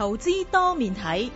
投資多面睇。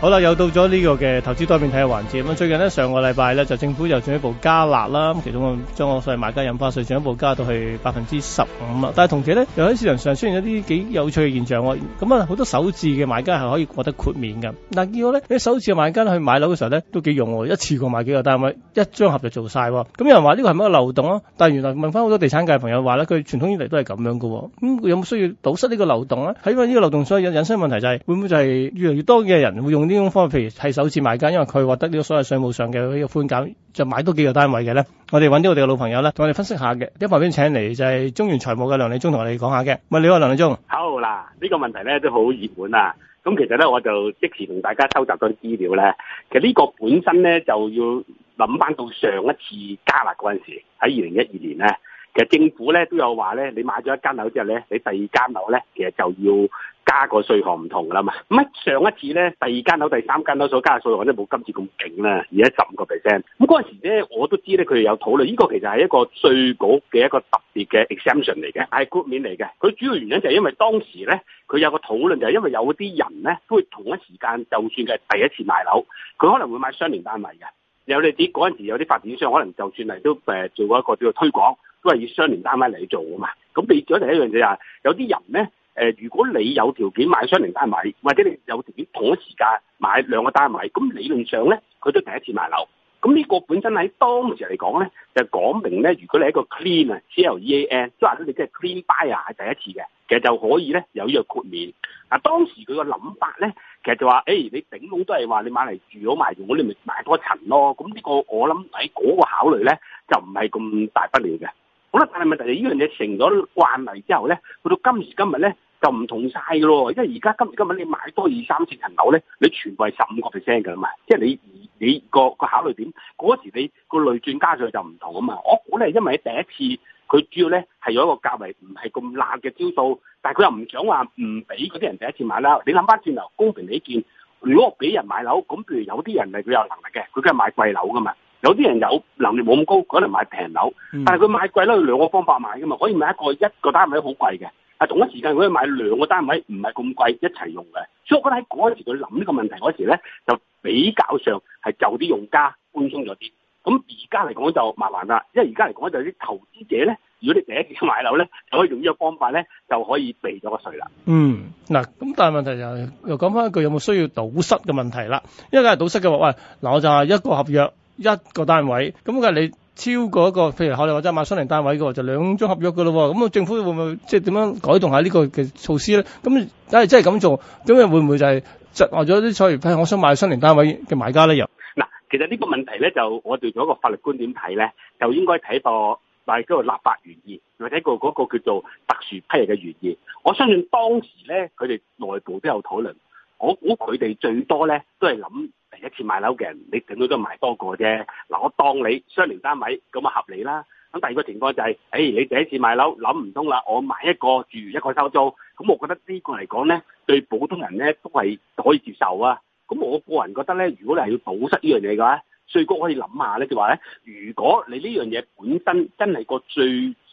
好啦，又到咗呢個嘅投資多面睇嘅環節。咁最近呢，上個禮拜咧就政府又進一步加辣啦。其中個將個所謂買家印花稅進一步加到去百分之十五啦。但係同期咧，又喺市場上雖然有啲幾有趣嘅現象。咁、嗯、啊，好多首次嘅買家係可以獲得豁免嘅。但結果咧，啲首次嘅買家去買樓嘅時候咧都幾用喎，一次過買幾個單位，咪一張合就做曬。咁有人話呢個係乜個漏洞啊？但係原來問翻好多地產界朋友話咧，佢傳統以來都係咁樣嘅。咁有冇需要堵塞呢個漏洞啊？喺因為呢個漏洞所引申生嘅問題就係、是、會唔會就係越嚟越多嘅人會用。呢種方法，譬如係首次買家，因為佢獲得呢個所謂稅務上嘅呢個寬減，就買多幾個單位嘅咧，我哋揾啲我哋嘅老朋友咧，同我哋分析一下嘅。啱啱我哋請嚟就係中原財務嘅梁利忠同我哋講下嘅。唔，你好，梁利忠。好嗱，呢個問題咧都好熱門啊。咁其實咧，我就即時同大家收集咗啲資料咧。其實呢個本身咧就要諗翻到上一次加納嗰陣時，喺二零一二年咧。其實政府咧都有話咧，你買咗一間樓之後咧，你第二間樓咧，其實就要加個稅項唔同噶啦嘛。咁上一次咧，第二間樓、第三間樓所加嘅稅項都冇今次咁勁啦，而家十五個 percent。咁嗰陣時咧，我都知咧佢哋有討論，呢、這個其實係一個稅局嘅一個特別嘅 exemption 嚟嘅，係 good 面嚟嘅。佢主要原因就係因為當時咧，佢有個討論就係因為有啲人咧都會同一時間就算係第一次買樓，佢可能會買相連單位嘅。有你知嗰陣時有啲發展商可能就算係都誒做一個叫做推廣。都係要雙年單位嚟做噶嘛，咁你做提一樣嘢、就、係、是、有啲人咧、呃，如果你有條件買雙年單位，或者你有條件同一時間買兩個單位，咁理論上咧，佢都第一次買樓。咁呢個本身喺當時嚟講咧，就講明咧，如果你係一個 clean 啊，C L E A N，即係話你即係 clean buyer 係第一次嘅，其實就可以咧有呢個豁免。嗱，當時佢個諗法咧，其實就話，誒、哎，你頂櫳都係話你買嚟住咗埋，用，如果你咪買多層咯、哦。咁呢、這個我諗喺嗰個考慮咧，就唔係咁大不了嘅。好啦，但係問題係呢樣嘢成咗慣例之後咧，去到今時今日咧就唔同晒嘅咯。因為而家今時今日你買多二三四層樓咧，你全部係十五個 percent 嘅啦嘛。即係你你個個考慮點，嗰時你個累轉加上去就唔同啊嘛。我估咧，因為第一次佢主要咧係有一個價位唔係咁辣嘅招數，但係佢又唔想話唔俾嗰啲人第一次買樓。你諗翻轉頭，公平起見，如果俾人買樓，咁譬如有啲人係佢有能力嘅，佢梗係買貴樓噶嘛。有啲人有能力冇咁高，可能買平樓，但係佢買貴咧，佢兩個方法買噶嘛，可以買一個一個單位好貴嘅，但同一時間，如果買兩個單位唔係咁貴，一齊用嘅，所以我覺得喺嗰時佢諗呢個問題嗰時咧，就比較上係就啲用家寬鬆咗啲。咁而家嚟講就麻煩啦，因為而家嚟講就啲投資者咧，如果你第一次買樓咧，就可以用呢個方法咧，就可以避咗個稅啦。嗯，嗱咁，但係問題就係又講翻一句，有冇需要堵塞嘅問題啦？因為梗係堵塞嘅話，喂嗱，我就係一個合約。一個單位咁嘅，你超過一個，譬如可能或者買雙連單位嘅，就兩宗合約嘅咯。咁啊，政府會唔會即係點樣改動下呢個嘅措施咧？咁但係真係咁做，咁啊會唔會就係窒壞咗啲想批，所以我想買雙連單位嘅買家咧？又嗱，其實呢個問題咧，就我哋從一個法律觀點睇咧，就應該睇到，但係嗰個立法原意，或者個嗰個叫做特殊批嘅原意。我相信當時咧，佢哋內部都有討論。我估佢哋最多咧，都係諗。一次買樓嘅人，你頂多都買多個啫。嗱，我當你雙連單位咁啊，合理啦。咁第二個情況就係，是。誒、哎，你第一次買樓諗唔通啦，我買一個住一個收租，咁我覺得這個來說呢個嚟講咧，對普通人咧都係可以接受啊。咁我個人覺得咧，如果你係要堵塞呢樣嘢嘅話，最高可以諗下咧，就話咧，如果你呢樣嘢本身真係個最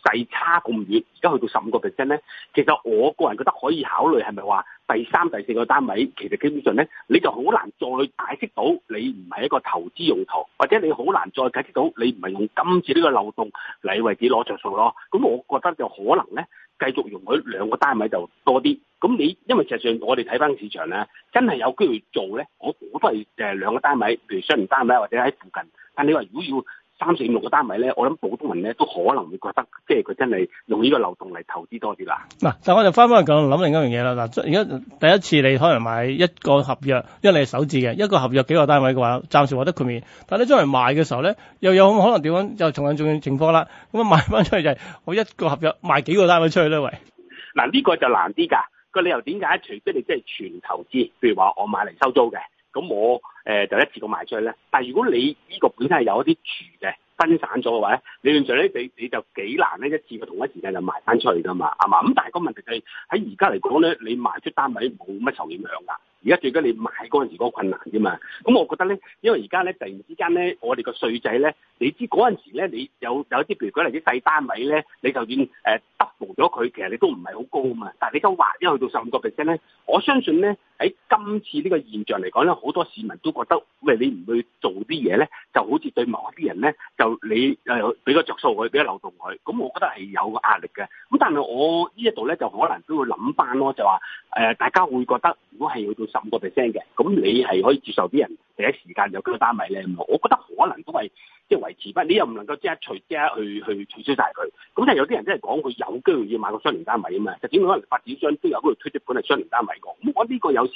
細差咁遠，而家去到十五個 percent 咧，其實我個人覺得可以考慮係咪話，第三、第四個單位，其實基本上咧，你就好難再解釋到你唔係一個投資用途，或者你好難再解釋到你唔係用今次呢個漏洞嚟為止攞着數咯。咁我覺得就可能咧，繼續用佢兩個單位就多啲。咁你因為實際上我哋睇返市場咧，真係有機會做咧，我我都係誒兩個單位，譬如商業單位或者喺附近。但你話如果要，三四五六個單位咧，我諗普通人咧都可能會覺得，即係佢真係用呢個漏洞嚟投資多啲啦。嗱、啊，但我就翻返去講諗另一樣嘢啦。嗱，而家第一次你可能買一個合約，因為你係首置嘅一個合約幾個單位嘅話，暫時獲得豁免。但你將嚟賣嘅時候咧，又有可能點樣？又重樣重要情況啦。咁啊賣翻出去就係我一個合約賣幾個單位出去咧，喂，嗱、啊，呢、這個就難啲㗎。個理由點解？除非你即係全投資，譬如話我買嚟收租嘅。咁我誒就一次過賣出去咧，但係如果你呢個本身係有一啲住嘅分散咗嘅話咧，理論上咧你你就幾難咧一次過同一時間就賣翻出去噶嘛，啊嘛。咁但係個問題就係喺而家嚟講咧，你賣出單位冇乜受影響噶。而家最緊你買嗰陣時嗰個困難啫嘛，咁我覺得咧，因為而家咧突然之間咧，我哋個稅制咧，你知嗰陣時咧，你有有啲譬如舉例啲細單位咧，你就算誒 double 咗佢，其實你都唔係好高啊嘛。但係你而家滑一去到十五個 percent 咧，我相信咧喺今次呢個現象嚟講咧，好多市民都覺得，喂你唔去做啲嘢咧，就好似對某一啲人咧，就你誒畀個着數去畀個漏洞佢，咁我覺得係有個壓力嘅。咁但係我呢一度咧，就可能都會諗翻咯，就話誒、呃、大家會覺得，如果係要做十五個 percent 嘅，咁你係可以接受啲人第一時間有幾個單位咧？我覺得可能都係即係維持翻，你又唔能夠即係隨即去去取消晒佢。咁但係有啲人真係講佢有機會要買個雙連單位啊嘛。其實點可能發展商都有嗰個推出本，係雙連單位個。咁我呢個有時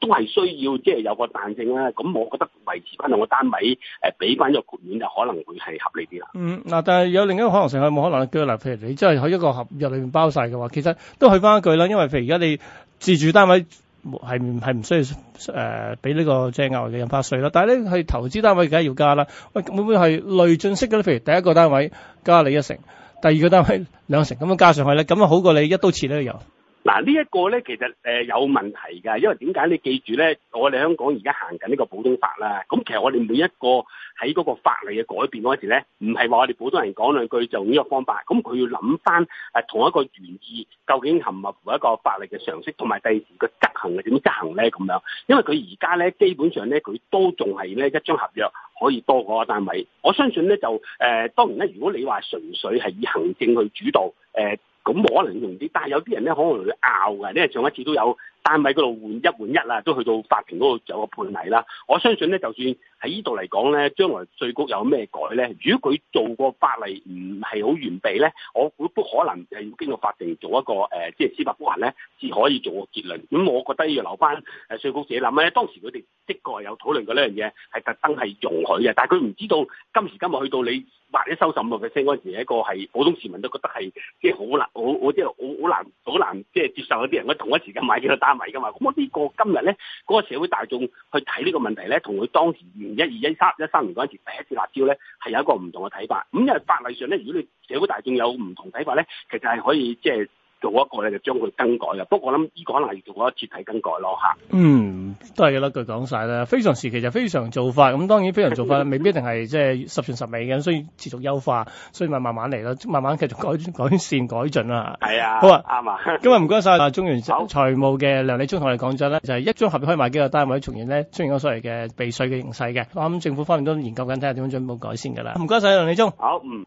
都係需要即係有個彈性啦。咁我覺得維持翻個單位誒，俾翻個豁免就可能會係合理啲啦。嗯，嗱，但係有另一個可能性係冇可能嘅。嗱，譬如你真係喺一個合約裏面包晒嘅話，其實都去翻一句啦。因為譬如而家你自住單位。係唔係唔需要誒俾呢個即係額外嘅印花稅啦，但係咧係投資單位梗係要加啦。喂，會唔會係累進式嘅咧？譬如第一個單位加你一成，第二個單位兩成，咁樣加上去咧，咁啊，好過你一刀切咧又？嗱呢一個咧，其實誒有問題㗎，因為點解你記住咧？我哋香港而家行緊呢個普通法啦，咁其實我哋每一個喺嗰個法例嘅改變嗰時咧，唔係話我哋普通人講兩句就用呢個方法，咁佢要諗翻同一個原意究竟合唔合乎一個法例嘅常識，同埋第二個執行係點執行咧咁樣。因為佢而家咧基本上咧，佢都仲係咧一張合約可以多個單位。我相信咧就誒、呃，當然咧，如果你話純粹係以行政去主導誒。呃咁冇可能用啲，但有啲人咧可能會拗嘅，因為上一次都有單位嗰度換一換一啦，都去到法庭嗰度有個判例啦。我相信咧，就算。喺呢度嚟講咧，將來稅局有咩改咧？如果佢做過法例唔係好完備咧，我估都可能誒要經過法庭做一個誒，即、呃、係司法覆核咧，至可以做個結論。咁、嗯、我覺得要留翻誒稅局自己諗咧。當時佢哋的確有討論過呢樣嘢，係特登係容許嘅，但佢唔知道今時今日去到你或者收十五個 percent 嗰陣時，一個係普通市民都覺得係即係好難，我即係好難，好難即係接受有啲人佢同一時間買幾多單位㗎嘛。咁我呢個今日咧，嗰、那個社會大眾去睇呢個問題咧，同佢當時。一二一三一三年嗰陣時第一次辣招咧，係有一個唔同嘅睇法。咁因為法例上咧，如果你社會大眾有唔同睇法咧，其實係可以即係。做一個咧就將佢更改啊，不過我諗呢個可能係做一次徹底更改咯吓，嗯，都係一句講晒咧，非常時期就非常做法，咁當然非常做法未必一定係即係十全十美嘅，所以持續優化，所以咪慢慢嚟咯，慢慢繼續改善改善改進啦。係啊，好啊，啱啊。今日唔該晒啊，中原財務嘅梁李忠同我哋講咗咧，就係、是、一宗合約可以買幾個單位，從而咧出現咗所謂嘅避稅嘅形勢嘅。我諗政府方面都研究緊，睇下點樣進一步改善㗎啦。唔該晒，梁李忠。好，嗯。